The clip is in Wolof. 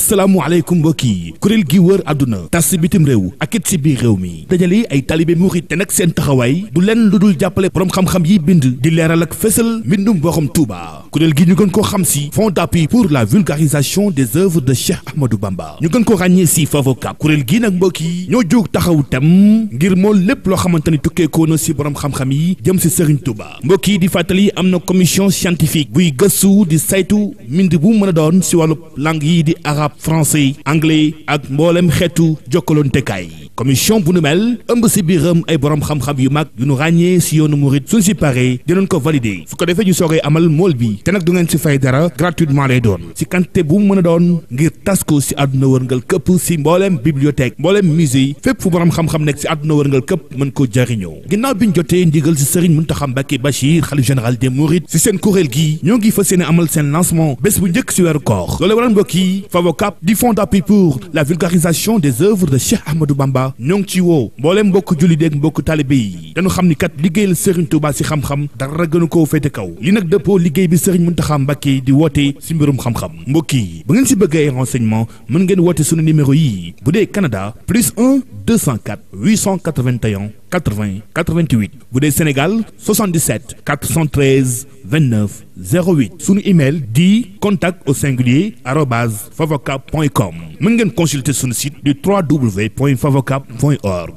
Salamu mbokk yi kuréel gi wër aduna tass Reumi, bitim rew ak ci bi rew mi dajali ay talibe murit te nag du len luddul borom xam-xam yi bind di léral ak fessel mindum borom Touba kurel gi ñu gën xam fond d'appui pour la vulgarisation des œuvres de Cheikh Ahmadou Bamba ñu gën ko ragné si favoka kurel gi nak mbokk yi ñoo jóg taxaw tem ngir mo lepp lo xamante ko na ci borom xam-xam yi jëm Serigne Touba mbokk di Fatali amna commission scientifique buy gëstu di saytu mbind bu mëna doon langue yi di arab français anglais ak mboolem xeetu jokkalantekaay commission bu nu mel ëmb si biiram ay borom xam-xam yu mag yu nu ragné si yoonu murit suñ si paree non ko valider su ko defee ñu soogee amal mool bi te nag du ngeen si fay dara gratuitement lay doon si kanté bu mu mën doon ngir tas ko si àdduna wërngal kep si mbooleem bibliothèque mbooleem musée fep fu borom xam-xam nekk si aduna wërngal kep mën ko jariñoo ginnaw biñ joté ndigal si Serigne Mountakha Mbacké Bachir khalif général des Mourides si sen kuréel gi ñoo ngi fas amal sen lancement bés bu njëkk si wër koor loolu waral mbokk yi au Cap fond d'appui pour la vulgarisation des œuvres de Cheikh Ahmadou Bamba Nyong ngi bolem Boko mbooleem mbokk julli déeg mbokk taalibé yi dañu xam ni kat liggéeyal Serigne Touba si xam-xam dara gënu fait féete kaw li nag dëppoo liggéey bi Serigne Mountakha Mbacké di Wate si mbirum xam-xam mbokk si renseignement mën ngeen woote numéro yi bu Canada plus 1 204 881 80 88 bu Sénégal 77 413 29 08 Son email dit contact au singulier arrobase favocap.com mën consulter son site de www.favocap.org.